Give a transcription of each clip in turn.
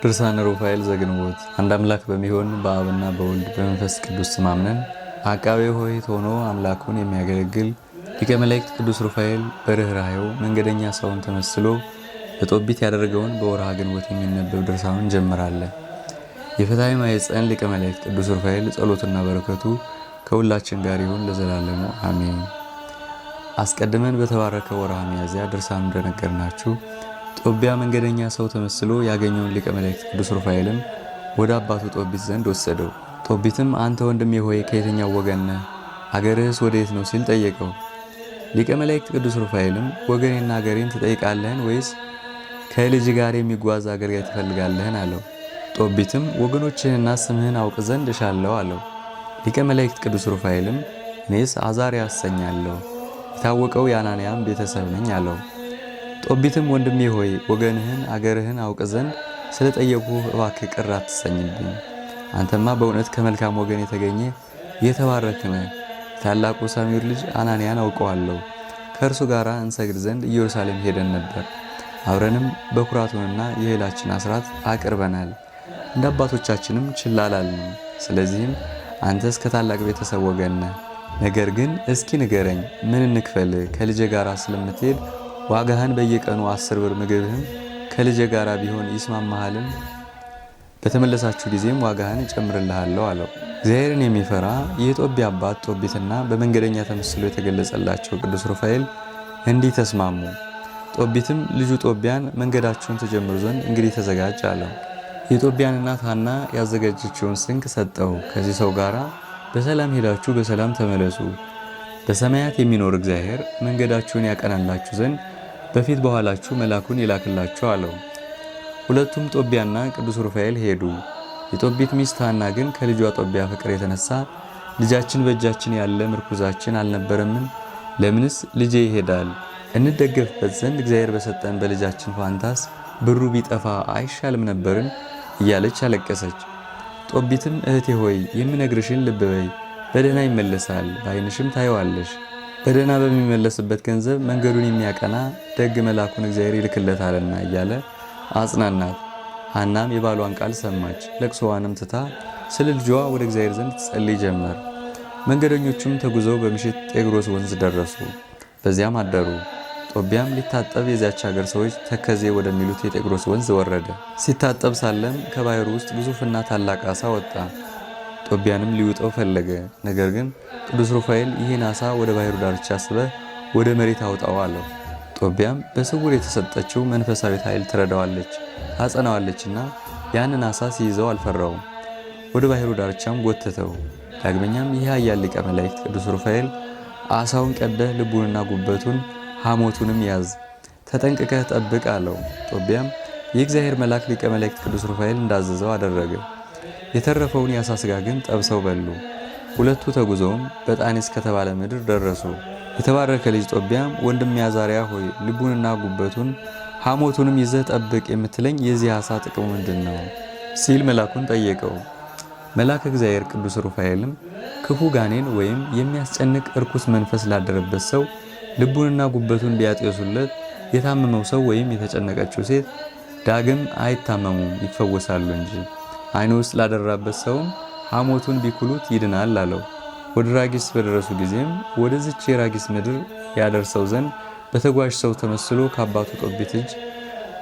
ድርሳነ ሩፋኤል ዘግንቦት አንድ አምላክ በሚሆን በአብና በወልድ በመንፈስ ቅዱስ ስም አምነን አቃቤ ሆይ ሆኖ አምላኩን የሚያገለግል ሊቀ መላእክት ቅዱስ ሩፋኤል በርኅራኄው መንገደኛ ሰውን ተመስሎ በጦቢት ያደረገውን በወርሃ ግንቦት የሚነበብ ድርሳኑን እንጀምራለን። የፈታዊ ማየፀን ሊቀ መላእክት ቅዱስ ሩፋኤል ጸሎትና በረከቱ ከሁላችን ጋር ይሁን ለዘላለሙ አሜን። አስቀድመን በተባረከ ወርሃ ሚያዝያ ድርሳኑ እንደነገርናችሁ ጦቢያ መንገደኛ ሰው ተመስሎ ያገኘውን ሊቀ መላእክት ቅዱስ ሩፋኤልም ወደ አባቱ ጦቢት ዘንድ ወሰደው። ጦቢትም አንተ ወንድሜ ሆይ ከየትኛው ወገን ነህ? አገርህስ ወደየት ነው ሲል ጠየቀው። ሊቀ መላእክት ቅዱስ ሩፋኤልም ወገኔና አገሬን ትጠይቃለህን? ወይስ ከልጅ ጋር የሚጓዝ ጋር ትፈልጋለህን? አለው። ጦቢትም ወገኖችህንና ስምህን አውቅ ዘንድ እሻለሁ አለው። ሊቀ መላእክት ቅዱስ ሩፋኤልም እኔስ አዛር ያሰኛለሁ የታወቀው የአናንያም ቤተሰብ ነኝ አለው። ጦቢትም ወንድሜ ሆይ ወገንህን አገርህን አውቅ ዘንድ ስለጠየቁ እባክህ ቅር አትሰኝብኝ። አንተማ በእውነት ከመልካም ወገን የተገኘ የተባረክ ነህ። ታላቁ ሳሚር ልጅ አናንያን አውቀዋለሁ። ከእርሱ ጋር እንሰግድ ዘንድ ኢየሩሳሌም ሄደን ነበር። አብረንም በኩራቱንና የእህላችን አስራት አቅርበናል። እንደ አባቶቻችንም ችላ ስለዚህም አንተስ ከታላቅ ቤተሰብ ወገን ነህ። ነገር ግን እስኪ ንገረኝ፣ ምን እንክፈልህ? ከልጄ ጋር ስለምትሄድ ዋጋህን በየቀኑ አስር ብር ምግብህም ከልጄ ጋር ቢሆን ይስማማሃልን? በተመለሳችሁ ጊዜም ዋጋህን እጨምርልሃለሁ አለው። እግዚአብሔርን የሚፈራ ይህ አባት ጦቢትና በመንገደኛ ተመስሎ የተገለጸላቸው ቅዱስ ሩፋኤል እንዲህ ተስማሙ። ጦቢትም ልጁ ጦቢያን መንገዳችሁን ትጀምሩ ዘንድ እንግዲህ ተዘጋጅ አለው። የጦቢያን እናት ሐና ያዘጋጀችውን ስንቅ ሰጠው። ከዚህ ሰው ጋር በሰላም ሄዳችሁ በሰላም ተመለሱ። በሰማያት የሚኖር እግዚአብሔር መንገዳችሁን ያቀናላችሁ ዘንድ በፊት በኋላችሁ መልአኩን ይላክላችሁ አለው። ሁለቱም ጦቢያና ቅዱስ ሩፋኤል ሄዱ። የጦቢት ሚስት ሐና ግን ከልጇ ጦቢያ ፍቅር የተነሳ ልጃችን በእጃችን ያለ ምርኩዛችን አልነበረምን? ለምንስ ልጄ ይሄዳል? እንደገፍበት ዘንድ እግዚአብሔር በሰጠን በልጃችን ፋንታስ ብሩ ቢጠፋ አይሻልም ነበርን? እያለች አለቀሰች። ጦቢትም እህቴ ሆይ የምነግርሽን ልብ በይ፣ በደህና ይመለሳል፣ በዓይንሽም ታየዋለሽ በደህና በሚመለስበት ገንዘብ መንገዱን የሚያቀና ደግ መልአኩን እግዚአብሔር ይልክለታልና እያለ አጽናናት። ሐናም የባሏን ቃል ሰማች። ለቅሶዋንም ትታ ስለ ልጇ ወደ እግዚአብሔር ዘንድ ትጸልይ ጀመር። መንገደኞቹም ተጉዘው በምሽት ጤግሮስ ወንዝ ደረሱ። በዚያም አደሩ። ጦቢያም ሊታጠብ የዚያች ሀገር ሰዎች ተከዜ ወደሚሉት የጤግሮስ ወንዝ ወረደ። ሲታጠብ ሳለም ከባህሩ ውስጥ ግዙፍና ታላቅ አሳ ወጣ። ጦቢያንም ሊውጠው ፈለገ። ነገር ግን ቅዱስ ሩፋኤል ይህን አሳ ወደ ባህሩ ዳርቻ ስበ ወደ መሬት አውጣው አለው። ጦቢያም በስውር የተሰጠችው መንፈሳዊት ኃይል ትረዳዋለች ታጸናዋለችና ያንን አሳ ሲይዘው አልፈራውም። ወደ ባህሩ ዳርቻም ጎተተው። ዳግመኛም ይህ ኃያል ሊቀ መላእክት ቅዱስ ሩፋኤል አሳውን ቀደህ ልቡንና ጉበቱን ሐሞቱንም ያዝ፣ ተጠንቅቀህ ጠብቅ አለው። ጦቢያም የእግዚአብሔር መልአክ ሊቀ መላእክት ቅዱስ ሩፋኤል እንዳዘዘው አደረገ። የተረፈውን የአሳ ስጋ ግን ጠብሰው በሉ። ሁለቱ ተጉዘውም በጣኔስ ከተባለ ምድር ደረሱ። የተባረከ ልጅ ጦቢያም ወንድም ያዛሪያ ሆይ ልቡንና ጉበቱን ሐሞቱንም ይዘህ ጠብቅ የምትለኝ የዚህ አሳ ጥቅሙ ምንድን ነው? ሲል መላኩን ጠየቀው። መልአክ እግዚአብሔር ቅዱስ ሩፋኤልም ክፉ ጋኔን ወይም የሚያስጨንቅ እርኩስ መንፈስ ላደረበት ሰው ልቡንና ጉበቱን ቢያጤሱለት የታመመው ሰው ወይም የተጨነቀችው ሴት ዳግም አይታመሙም፣ ይፈወሳሉ እንጂ አይኑ ውስጥ ላደራበት ሰውም ሐሞቱን ቢኩሉት ይድናል አለው። ወደ ራጊስ በደረሱ ጊዜም ወደዚች የራጊስ ምድር ያደርሰው ዘንድ በተጓዥ ሰው ተመስሎ ከአባቱ ጦቢት እጅ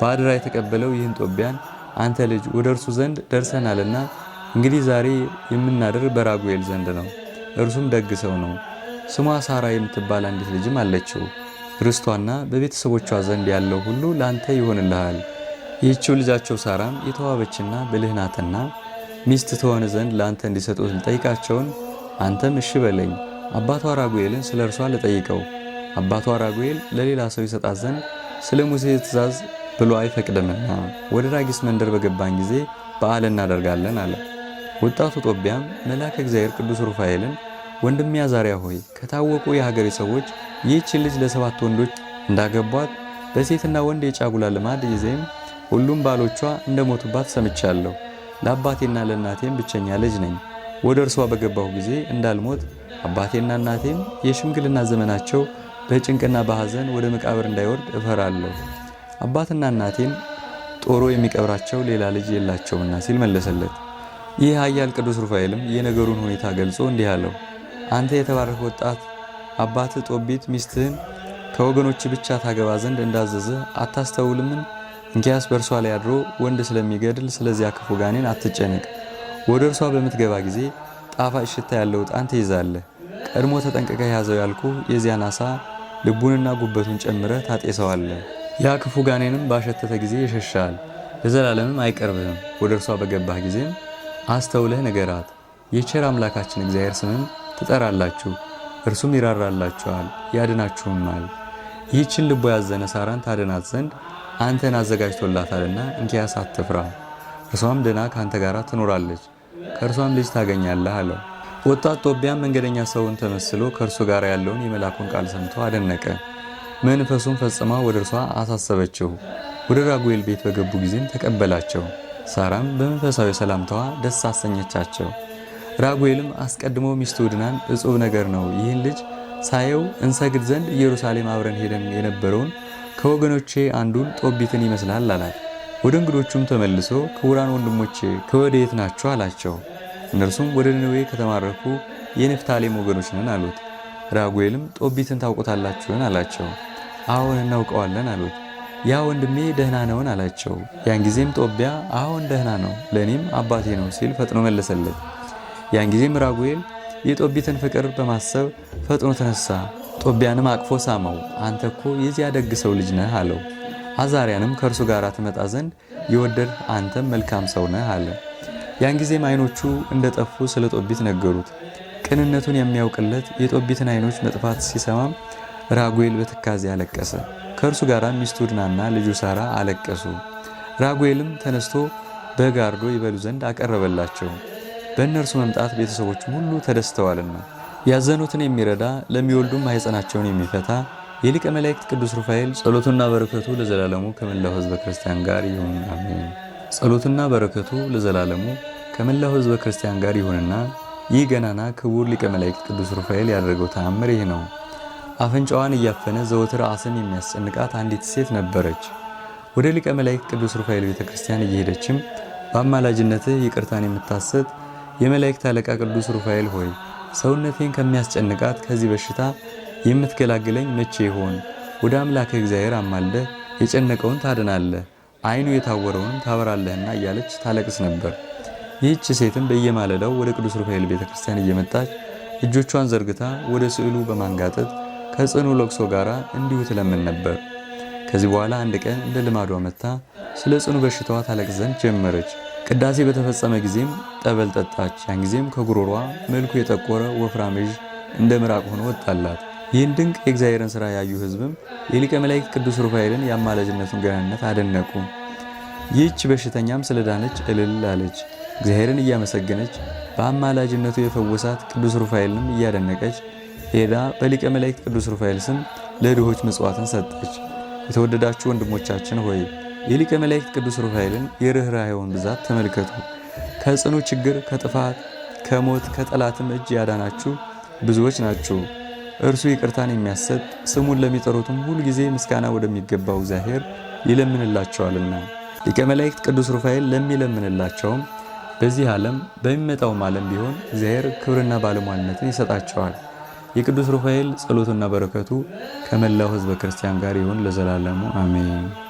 በአደራ የተቀበለው ይህን ጦቢያን አንተ ልጅ ወደ እርሱ ዘንድ ደርሰናልና እንግዲህ ዛሬ የምናደር በራጉኤል ዘንድ ነው። እርሱም ደግ ሰው ነው። ስሟ ሳራ የምትባል አንዲት ልጅም አለችው። ርስቷና በቤተሰቦቿ ዘንድ ያለው ሁሉ ለአንተ ይሆንልሃል። ይህችው ልጃቸው ሳራም የተዋበችና ብልህ ናትና ሚስት ትሆን ዘንድ ለአንተ እንዲሰጡት ልጠይቃቸውን አንተም እሺ በለኝ። አባቷ ራጉኤልን ስለ እርሷ ልጠይቀው። አባቷ ራጉኤል ለሌላ ሰው ይሰጣት ዘንድ ስለ ሙሴ ትእዛዝ ብሎ አይፈቅድምና ወደ ራጊስ መንደር በገባን ጊዜ በዓል እናደርጋለን አለ። ወጣቱ ጦቢያም መልአከ እግዚአብሔር ቅዱስ ሩፋኤልን ወንድሜ አዛርያ ሆይ ከታወቁ የሀገሬ ሰዎች ይህችን ልጅ ለሰባት ወንዶች እንዳገቧት በሴትና ወንድ የጫጉላ ልማድ ጊዜም ሁሉም ባሎቿ እንደሞቱባት ሰምቻለሁ። ለአባቴና ለእናቴም ብቸኛ ልጅ ነኝ። ወደ እርሷ በገባሁ ጊዜ እንዳልሞት አባቴና እናቴም የሽምግልና ዘመናቸው በጭንቅና በሐዘን ወደ መቃብር እንዳይወርድ እፈራለሁ። አባትና እናቴም ጦሮ የሚቀብራቸው ሌላ ልጅ የላቸውና ሲል መለሰለት። ይህ ኃያል ቅዱስ ሩፋኤልም የነገሩን ሁኔታ ገልጾ እንዲህ አለው። አንተ የተባረክ ወጣት አባት ጦቢት ሚስትህን ከወገኖች ብቻ ታገባ ዘንድ እንዳዘዘ አታስተውልምን? እንኪያስ በእርሷ ላይ አድሮ ወንድ ስለሚገድል ስለዚያ ክፉ ጋኔን አትጨነቅ። ወደ እርሷ በምትገባ ጊዜ ጣፋጭ ሽታ ያለው ዕጣን ትይዛለህ። ቀድሞ ተጠንቅቀህ ያዘው ያልኩ የዚያን አሳ ልቡንና ጉበቱን ጨምረ ታጤሰዋለህ። ያ ክፉ ጋኔንም ባሸተተ ጊዜ ይሸሻል፣ ለዘላለምም አይቀርብህም። ወደ እርሷ በገባህ ጊዜም አስተውለህ ንገራት። የቸር አምላካችን እግዚአብሔር ስምም ትጠራላችሁ፣ እርሱም ይራራላችኋል፣ ያድናችሁማል። ይህችን ልቦ ያዘነ ሳራን ታድናት ዘንድ አንተን አዘጋጅቶላታልና እንኪያስ አትፍራ፣ እሷም ድና ከአንተ ጋር ትኖራለች፣ ከእርሷም ልጅ ታገኛለህ አለው። ወጣት ጦቢያም መንገደኛ ሰውን ተመስሎ ከእርሱ ጋር ያለውን የመልአኩን ቃል ሰምቶ አደነቀ። መንፈሱን ፈጽማ ወደ እርሷ አሳሰበችው። ወደ ራጉኤል ቤት በገቡ ጊዜም ተቀበላቸው። ሳራም በመንፈሳዊ ሰላምታዋ ደስ አሰኘቻቸው። ራጉኤልም አስቀድሞ ሚስቱ ድናን እጹብ ነገር ነው፣ ይህን ልጅ ሳየው እንሰግድ ዘንድ ኢየሩሳሌም አብረን ሄደን የነበረውን ከወገኖቼ አንዱን ጦቢትን ይመስላል አላት። ወደ እንግዶቹም ተመልሶ ክቡራን ወንድሞቼ የት ናችሁ አላቸው። እነርሱም ወደ ነነዌ ከተማረኩ የንፍታሌም ወገኖች ነን አሉት። ራጉኤልም ጦቢትን ታውቁታላችሁን አላቸው። አዎን እናውቀዋለን አሉት። ያ ወንድሜ ደህና ነውን አላቸው። ያን ጊዜም ጦቢያ አዎን ደህና ነው፣ ለእኔም አባቴ ነው ሲል ፈጥኖ መለሰለት። ያን ጊዜም ራጉኤል የጦቢትን ፍቅር በማሰብ ፈጥኖ ተነሳ፣ ጦቢያንም አቅፎ ሳመው፣ አንተ እኮ የዚያ ደግ ሰው ልጅ ነህ አለው። አዛሪያንም ከእርሱ ጋር ትመጣ ዘንድ የወደድ አንተም መልካም ሰው ነህ አለ። ያን ጊዜም አይኖቹ እንደጠፉ ስለ ጦቢት ነገሩት። ቅንነቱን የሚያውቅለት የጦቢትን አይኖች መጥፋት ሲሰማም ራጉኤል በትካዜ አለቀሰ። ከእርሱ ጋር ሚስቱ ድናና ልጁ ሳራ አለቀሱ። ራጉኤልም ተነስቶ በጋርዶ ይበሉ ዘንድ አቀረበላቸው። በእነርሱ መምጣት ቤተሰቦችም ሁሉ ተደስተዋልና ያዘኑትን የሚረዳ ለሚወልዱም ማኅፀናቸውን የሚፈታ የሊቀ መላእክት ቅዱስ ሩፋኤል ጸሎቱና በረከቱ ለዘላለሙ ከመላው ሕዝበ ክርስቲያን ጋር ይሁን፣ አሜን። ጸሎቱና በረከቱ ለዘላለሙ ከመላው ሕዝበ ክርስቲያን ጋር ይሁንና ይህ ገናና ክቡር ሊቀ መላእክት ቅዱስ ሩፋኤል ያደረገው ተአምር ይህ ነው። አፍንጫዋን እያፈነ ዘወትር አስም የሚያስጨንቃት አንዲት ሴት ነበረች። ወደ ሊቀ መላእክት ቅዱስ ሩፋኤል ቤተ ክርስቲያን እየሄደችም በአማላጅነትህ ይቅርታን የምታሰጥ የመላእክት አለቃ ቅዱስ ሩፋኤል ሆይ ሰውነቴን ከሚያስጨንቃት ከዚህ በሽታ የምትገላግለኝ መቼ ይሆን? ወደ አምላክ እግዚአብሔር አማልደህ የጨነቀውን ታድናለህ፣ አይኑ የታወረውን ታበራለህና እያለች ታለቅስ ነበር። ይህች ሴትም በየማለዳው ወደ ቅዱስ ሩፋኤል ቤተ ክርስቲያን እየመጣች እጆቿን ዘርግታ ወደ ስዕሉ በማንጋጠጥ ከጽኑ ለቅሶ ጋር እንዲሁ ትለምን ነበር። ከዚህ በኋላ አንድ ቀን እንደ ልማዷ መጥታ ስለ ጽኑ በሽታዋ ታለቅስ ዘንድ ጀመረች። ቅዳሴ በተፈጸመ ጊዜም ጠበል ጠጣች። ያን ጊዜም ከጉሮሯ መልኩ የጠቆረ ወፍራም እዥ እንደ ምራቅ ሆኖ ወጣላት። ይህን ድንቅ የእግዚአብሔርን ሥራ ያዩ ሕዝብም የሊቀ መላእክት ቅዱስ ሩፋኤልን የአማላጅነቱን ገናንነት አደነቁ። ይህች በሽተኛም ስለዳነች እልል አለች። እግዚአብሔርን እያመሰገነች በአማላጅነቱ የፈወሳት ቅዱስ ሩፋኤልንም እያደነቀች ሄዳ በሊቀ መላእክት ቅዱስ ሩፋኤል ስም ለድሆች ምጽዋትን ሰጠች። የተወደዳችሁ ወንድሞቻችን ሆይ የሊቀ መላእክት ቅዱስ ሩፋኤልን የርኅራኄውን ብዛት ተመልከቱ። ከጽኑ ችግር፣ ከጥፋት፣ ከሞት፣ ከጠላትም እጅ ያዳናችሁ ብዙዎች ናችሁ። እርሱ ይቅርታን የሚያሰጥ ስሙን ለሚጠሩትም ጊዜ ምስጋና ወደሚገባው እግዚአብሔር ይለምንላቸዋልና። ሊቀ መላእክት ቅዱስ ሩፋኤል ለሚለምንላቸውም በዚህ ዓለም በሚመጣውም ዓለም ቢሆን እግዚአብሔር ክብርና ባለሟልነትን ይሰጣቸዋል። የቅዱስ ሩፋኤል ጸሎትና በረከቱ ከመላው ሕዝበ ክርስቲያን ጋር ይሁን ለዘላለሙ አሜን።